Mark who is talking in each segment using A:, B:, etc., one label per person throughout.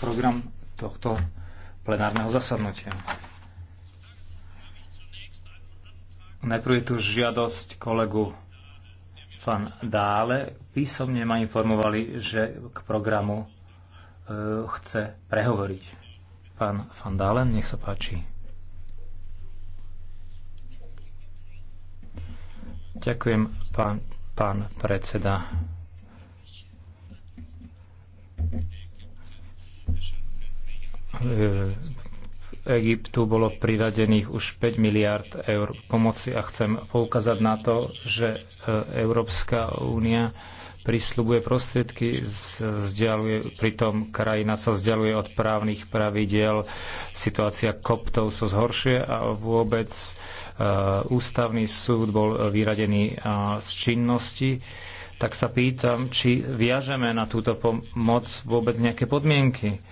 A: program tohto plenárneho zasadnutia. Najprv je tu žiadosť kolegu Fan Dále. Písomne ma informovali, že k programu e, chce prehovoriť. Pán Fan Dále, nech sa páči. Ďakujem, pán, pán predseda. V e, Egyptu bolo priradených už 5 miliard eur pomoci a chcem poukázať na to, že e, Európska únia prislubuje prostriedky, zdialuje, pritom krajina sa vzdialuje od právnych pravidiel, situácia koptov sa zhoršuje a vôbec e, ústavný súd bol vyradený z činnosti tak sa pýtam, či viažeme na túto pomoc vôbec nejaké podmienky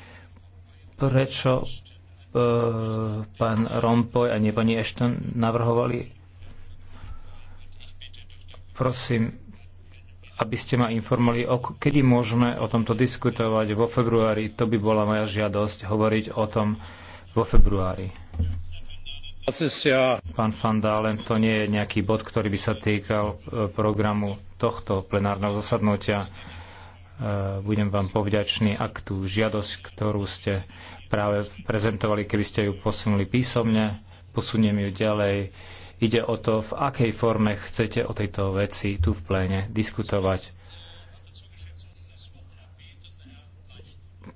A: prečo e, pán Rompoy a nie pani Ashton navrhovali. Prosím, aby ste ma informovali, kedy môžeme o tomto diskutovať vo februári. To by bola moja žiadosť hovoriť o tom vo februári. Pán Van Dalen, to nie je nejaký bod, ktorý by sa týkal e, programu tohto plenárneho zasadnutia. Eh, budem vám povďačný, ak tú žiadosť, ktorú ste práve prezentovali, keby ste ju posunuli písomne, posuniem ju ďalej. Ide o to, v akej forme chcete o tejto veci tu v pléne diskutovať.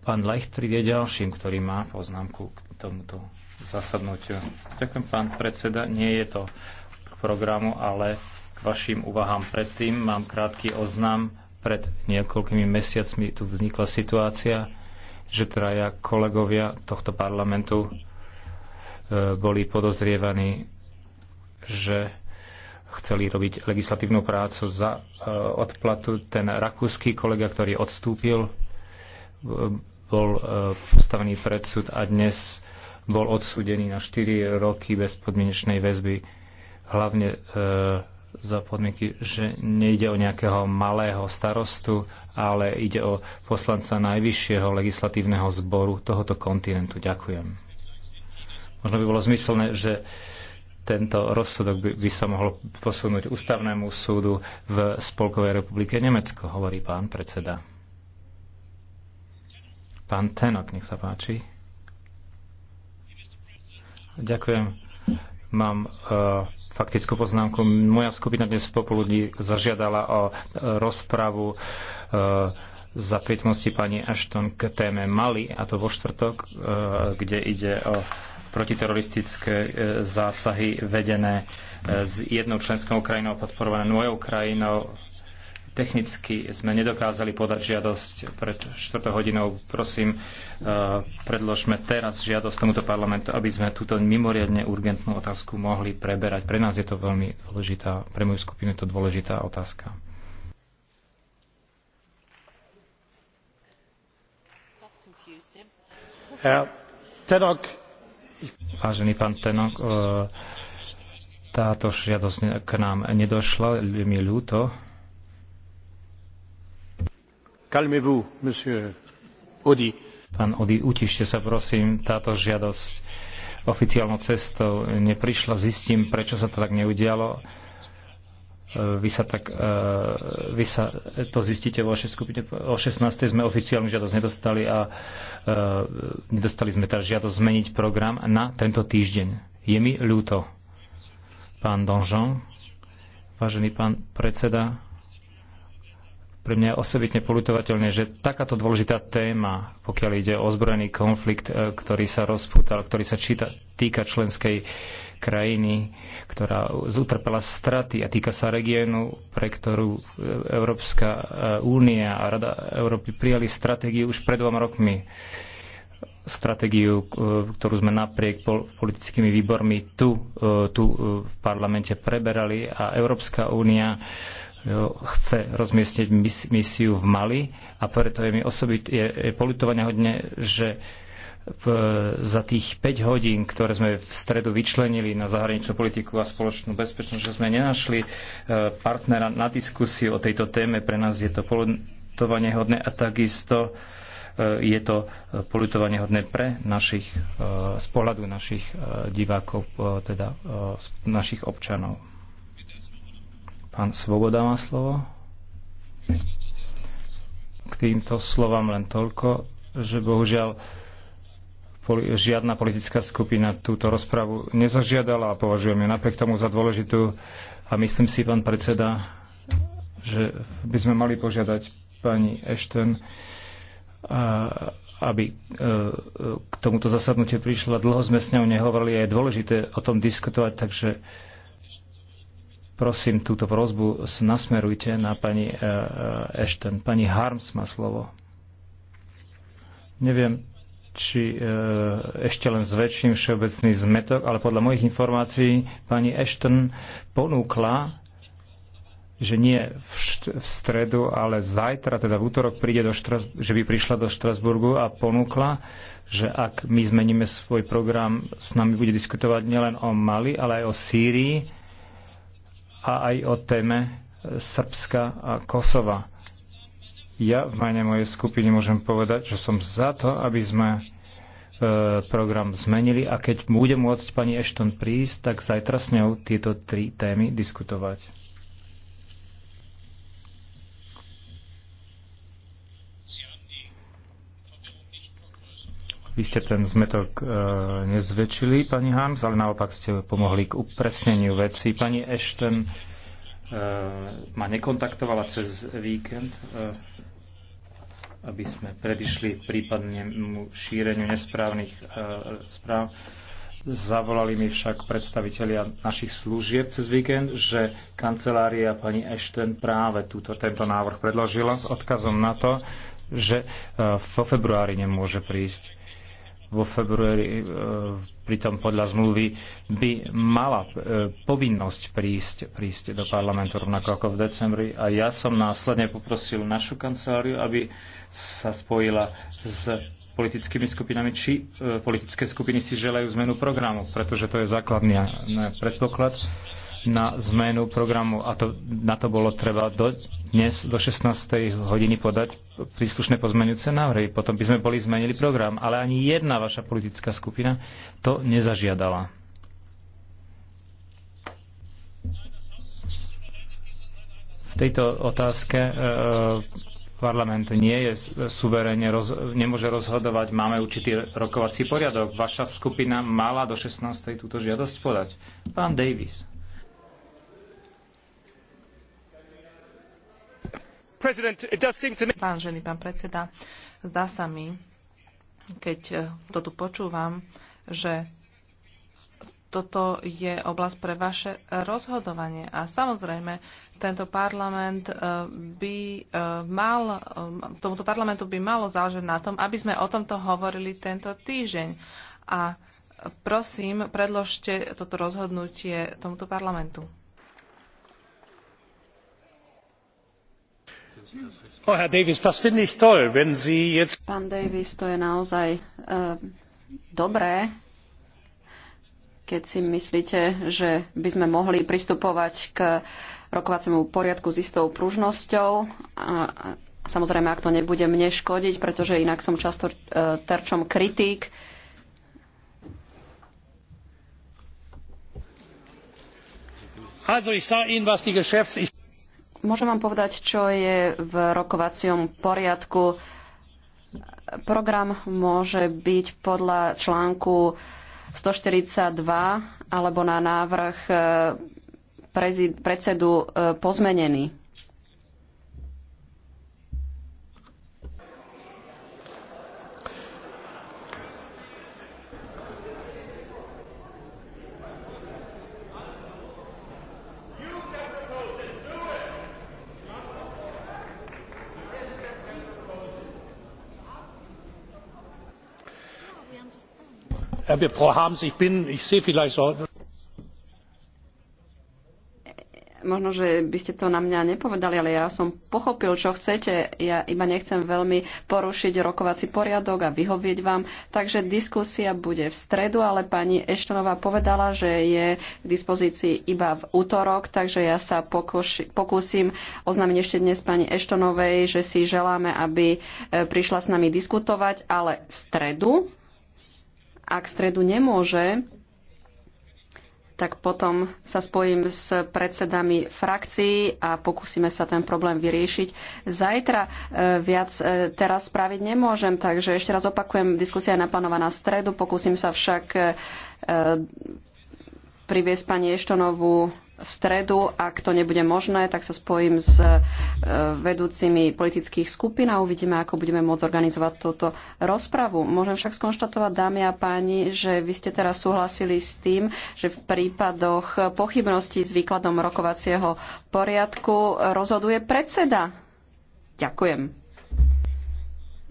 A: Pán Leichtfried je ďalším, ktorý má poznámku k tomuto zasadnutiu. Ďakujem, pán predseda. Nie je to k programu, ale k vašim úvahám predtým mám krátky oznam pred niekoľkými mesiacmi tu vznikla situácia, že traja kolegovia tohto parlamentu e, boli podozrievaní, že chceli robiť legislatívnu prácu za e, odplatu. Ten rakúsky kolega, ktorý odstúpil, e, bol postavený pred súd a dnes bol odsúdený na 4 roky bezpodmienečnej väzby, hlavne za podmienky, že nejde o nejakého malého starostu, ale ide o poslanca najvyššieho legislatívneho zboru tohoto kontinentu. Ďakujem. Možno by bolo zmyselné, že tento rozsudok by, by sa mohol posunúť ústavnému súdu v Spolkovej republike Nemecko, hovorí pán predseda. Pán Tenok, nech sa páči. Ďakujem Mám uh, faktickú poznámku. Moja skupina dnes popoludní zažiadala o uh, rozpravu uh, za prítomnosti pani Ashton k téme Mali, a to vo štvrtok, e, kde ide o protiteroristické zásahy vedené s jednou členskou krajinou podporované mojou krajinou Technicky sme nedokázali podať žiadosť pred 4 hodinou. Prosím, eh, predložme teraz žiadosť tomuto parlamentu, aby sme túto mimoriadne urgentnú otázku mohli preberať. Pre nás je to veľmi dôležitá, pre moju skupinu je to dôležitá otázka. Vážený pán Tenok, eh, táto žiadosť k nám nedošla, je mi ľúto. Pán Odi, utište sa prosím, táto žiadosť oficiálnou cestou neprišla. Zistím, prečo sa to tak neudialo. E, vy sa, tak, e, vy sa to zistíte vo skupine. O 16. sme oficiálnu žiadosť nedostali a e, nedostali sme tá žiadosť zmeniť program na tento týždeň. Je mi ľúto. Pán Donžon, vážený pán predseda, pre mňa je osobitne polutovateľné, že takáto dôležitá téma, pokiaľ ide o ozbrojený konflikt, e, ktorý sa rozputal, ktorý sa číta, týka členskej krajiny, ktorá zutrpela straty a týka sa regiónu, pre ktorú e, Európska e, únia a Rada Európy prijali stratégiu už pred dvoma rokmi. Stratégiu, ktorú sme napriek politickými výbormi tu, tu v parlamente preberali a Európska únia E, chce rozmiestniť misiu v Mali a preto je mi osobit, je, je politovania hodne, že v, za tých 5 hodín, ktoré sme v stredu vyčlenili na zahraničnú politiku a spoločnú bezpečnosť, že sme nenašli e, partnera na diskusiu o tejto téme. Pre nás je to politovanie hodné a takisto e, je to politovanie hodné pre našich, z pohľadu našich divákov, teda našich občanov. Pán Svoboda má slovo. K týmto slovám len toľko, že bohužiaľ žiadna politická skupina túto rozpravu nezažiadala a považujem ju napriek tomu za dôležitú. A myslím si, pán predseda, že by sme mali požiadať pani Ešten, aby e, k tomuto zasadnutiu prišla. Dlho sme s ňou nehovorili a je dôležité o tom diskutovať, takže Prosím, túto prozbu nasmerujte na pani e, e, Ashton. Pani Harms má slovo. Neviem, či e, ešte len zväčším všeobecný zmetok, ale podľa mojich informácií pani Ashton ponúkla že nie v, v stredu, ale zajtra, teda v útorok, príde do Štras- že by prišla do Štrasburgu a ponúkla, že ak my zmeníme svoj program, s nami bude diskutovať nielen o Mali, ale aj o Sýrii a aj o téme Srbska a Kosova. Ja v mene mojej skupiny môžem povedať, že som za to, aby sme e, program zmenili a keď bude môcť pani Ashton prísť, tak zajtra s ňou tieto tri témy diskutovať. Vy ste ten zmetok e, nezväčšili, pani Harms, ale naopak ste pomohli k upresneniu vecí. Pani Ashton e, ma nekontaktovala cez víkend, e, aby sme predišli prípadnému šíreniu nesprávnych e, správ. Zavolali mi však predstavitelia našich služieb cez víkend, že kancelária pani Ashton práve túto, tento návrh predložila s odkazom na to, že e, vo februári nemôže prísť vo februári, e, pritom podľa zmluvy by mala e, povinnosť prísť, prísť do parlamentu rovnako ako v decembri. A ja som následne poprosil našu kanceláriu, aby sa spojila s politickými skupinami, či e, politické skupiny si želajú zmenu programu, pretože to je základný predpoklad na zmenu programu a to, na to bolo treba do, dnes do 16. hodiny podať príslušné pozmenujúce návrhy. Potom by sme boli zmenili program, ale ani jedna vaša politická skupina to nezažiadala. V tejto otázke e, parlament nie je suverénne, roz, nemôže rozhodovať, máme určitý rokovací poriadok. Vaša skupina mala do 16. túto žiadosť podať. Pán Davis.
B: Vážený pán predseda, zdá sa mi, keď e, to tu počúvam, že toto je oblasť pre vaše rozhodovanie. A samozrejme, tento parlament e, by e, mal, tomuto parlamentu by malo záležať na tom, aby sme o tomto hovorili tento týždeň. A prosím, predložte toto rozhodnutie tomuto parlamentu. Oh, Pán Davis, to je naozaj eh, dobré, keď si myslíte, že by sme mohli pristupovať k rokovaciemu poriadku s istou pružnosťou. A, samozrejme, ak to nebude mne škodiť, pretože inak som často eh, terčom kritík.
A: Also ich sage Ihnen, was die Geschäfts...
B: Môžem vám povedať, čo je v rokovacom poriadku. Program môže byť podľa článku 142 alebo na návrh eh, predsedu eh, pozmenený. Možno, že by ste to na mňa nepovedali, ale ja som pochopil, čo chcete. Ja iba nechcem veľmi porušiť rokovací poriadok a vyhovieť vám. Takže diskusia bude v stredu, ale pani Eštonová povedala, že je k dispozícii iba v útorok, takže ja sa pokuši, pokúsim oznámiť ešte dnes pani Eštonovej, že si želáme, aby e, prišla s nami diskutovať, ale v stredu ak v stredu nemôže, tak potom sa spojím s predsedami frakcií a pokúsime sa ten problém vyriešiť. Zajtra e, viac e, teraz spraviť nemôžem, takže ešte raz opakujem, diskusia je naplánovaná stredu, pokúsim sa však e, priviesť pani Eštonovú v stredu. Ak to nebude možné, tak sa spojím s e, vedúcimi politických skupín a uvidíme, ako budeme môcť organizovať túto rozpravu. Môžem však skonštatovať, dámy a páni, že vy ste teraz súhlasili s tým, že v prípadoch pochybností s výkladom rokovacieho poriadku rozhoduje predseda. Ďakujem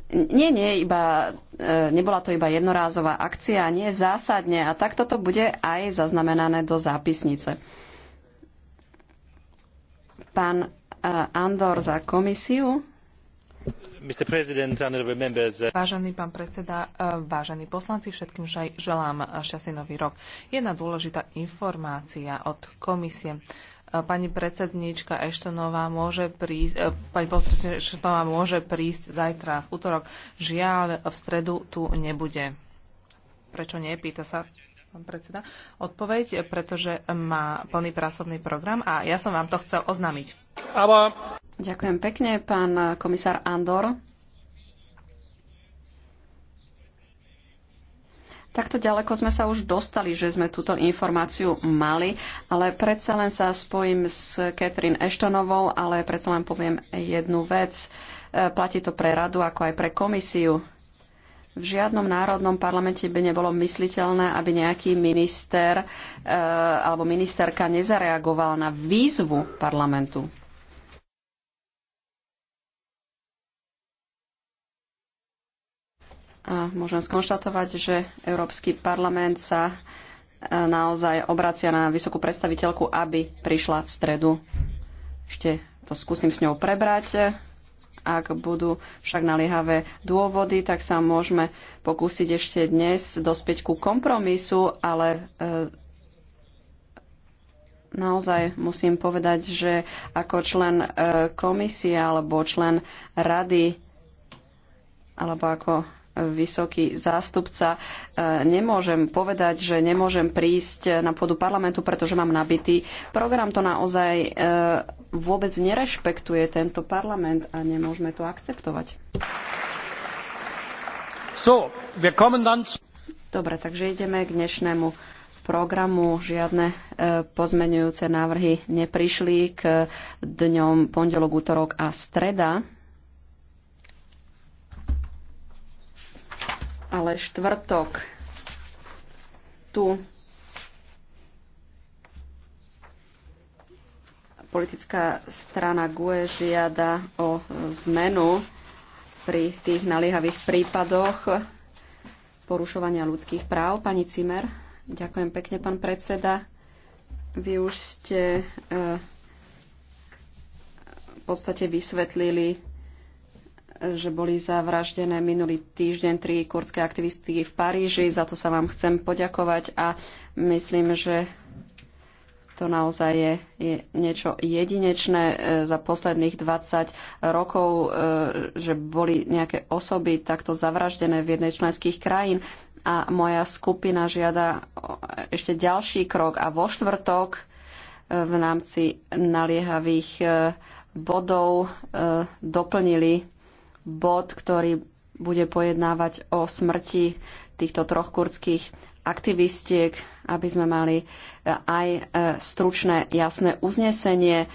B: nie, nie, iba, e, nebola to iba jednorázová akcia, nie zásadne. A takto to bude aj zaznamenané do zápisnice. Pán e, Andor za komisiu.
A: E- Vážený
B: pán predseda, vážení poslanci, všetkým želám šťastný nový rok. Jedna dôležitá informácia od komisie pani predsedníčka Eštonová môže prísť, e, pani podpredsedníčka Eštonová môže prísť zajtra v útorok. Žiaľ, v stredu tu nebude. Prečo nie? Pýta sa pán predseda. Odpoveď, pretože má plný pracovný program a ja som vám to chcel oznámiť. Ďakujem pekne, pán komisár Andor. Takto ďaleko sme sa už dostali, že sme túto informáciu mali, ale predsa len sa spojím s Catherine Eštonovou, ale predsa len poviem jednu vec. E, platí to pre radu, ako aj pre komisiu. V žiadnom národnom parlamente by nebolo mysliteľné, aby nejaký minister e, alebo ministerka nezareagoval na výzvu parlamentu. môžem skonštatovať, že Európsky parlament sa e, naozaj obracia na vysokú predstaviteľku, aby prišla v stredu. Ešte to skúsim s ňou prebrať. Ak budú však naliehavé dôvody, tak sa môžeme pokúsiť ešte dnes dospieť ku kompromisu, ale e, naozaj musím povedať, že ako člen e, komisie alebo člen rady alebo ako vysoký zástupca. E, nemôžem povedať, že nemôžem prísť na pôdu parlamentu, pretože mám nabitý program. To naozaj e, vôbec nerešpektuje tento parlament a nemôžeme to akceptovať. So, wir kommen dann zu... Dobre, takže ideme k dnešnému programu. Žiadne e, pozmenujúce návrhy neprišli k dňom pondelok, útorok a streda. ale štvrtok tu politická strana GUE žiada o zmenu pri tých naliehavých prípadoch porušovania ľudských práv. Pani Cimer, ďakujem pekne, pán predseda. Vy už ste eh, v podstate vysvetlili že boli zavraždené minulý týždeň tri kurdské aktivisty v Paríži. Za to sa vám chcem poďakovať a myslím, že to naozaj je, je niečo jedinečné e, za posledných 20 rokov, e, že boli nejaké osoby takto zavraždené v jednej členských krajín a moja skupina žiada ešte ďalší krok a vo štvrtok e, v rámci naliehavých bodov doplnili bod, ktorý bude pojednávať o smrti týchto troch kurdských aktivistiek, aby sme mali e, aj e, stručné, jasné uznesenie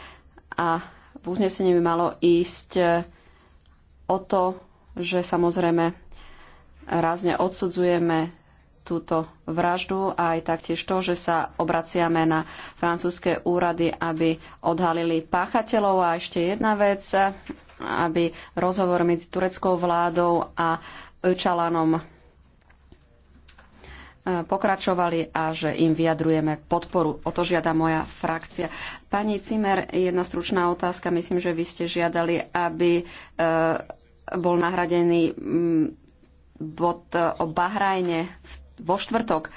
B: a v uznesení by malo ísť e, o to, že samozrejme rázne odsudzujeme túto vraždu a aj taktiež to, že sa obraciame na francúzske úrady, aby odhalili páchateľov. A ešte jedna vec, aby rozhovor medzi tureckou vládou a Öčalanom eh, pokračovali a že im vyjadrujeme podporu. O to žiada moja frakcia. Pani Cimer, jedna stručná otázka. Myslím, že vy ste žiadali, aby eh, bol nahradený mm, bod eh, o Bahrajne vo štvrtok.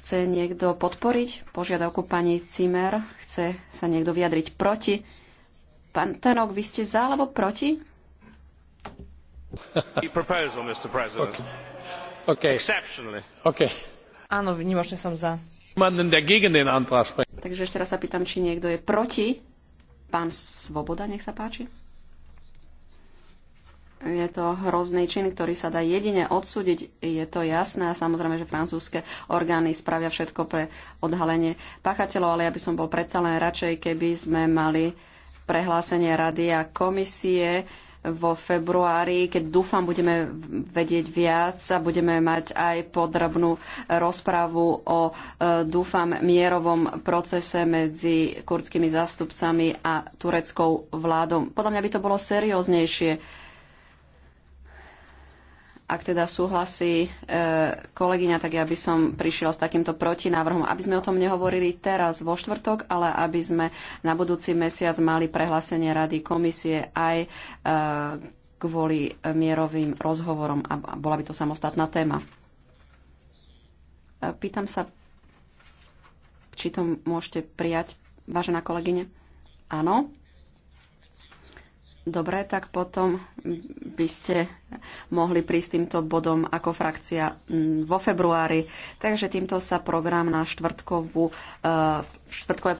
B: Chce niekto podporiť požiadavku pani Cimer? Chce sa niekto vyjadriť proti? Pán Tanok, vy ste za alebo proti?
A: Proposal, okay. Okay.
B: Áno, vnímačne som za. Takže ešte raz sa pýtam, či niekto je proti. Pán Svoboda, nech sa páči. Je to hrozný čin, ktorý sa dá jedine odsúdiť. Je to jasné a samozrejme, že francúzske orgány spravia všetko pre odhalenie páchateľov, ale ja by som bol predsa len radšej, keby sme mali prehlásenie Rady a komisie vo februári, keď dúfam, budeme vedieť viac a budeme mať aj podrobnú rozpravu o, e, dúfam, mierovom procese medzi kurdskými zástupcami a tureckou vládou. Podľa mňa by to bolo serióznejšie ak teda súhlasí e, kolegyňa, tak ja by som prišiel s takýmto protinávrhom, aby sme o tom nehovorili teraz vo štvrtok, ale aby sme na budúci mesiac mali prehlásenie Rady komisie aj e, kvôli mierovým rozhovorom a bola by to samostatná téma. E, pýtam sa, či to môžete prijať, vážená kolegyne? Áno. Dobre, tak potom by ste mohli prísť týmto bodom ako frakcia mm, vo februári. Takže týmto sa program na štvrtkovú, eh, štvrtkové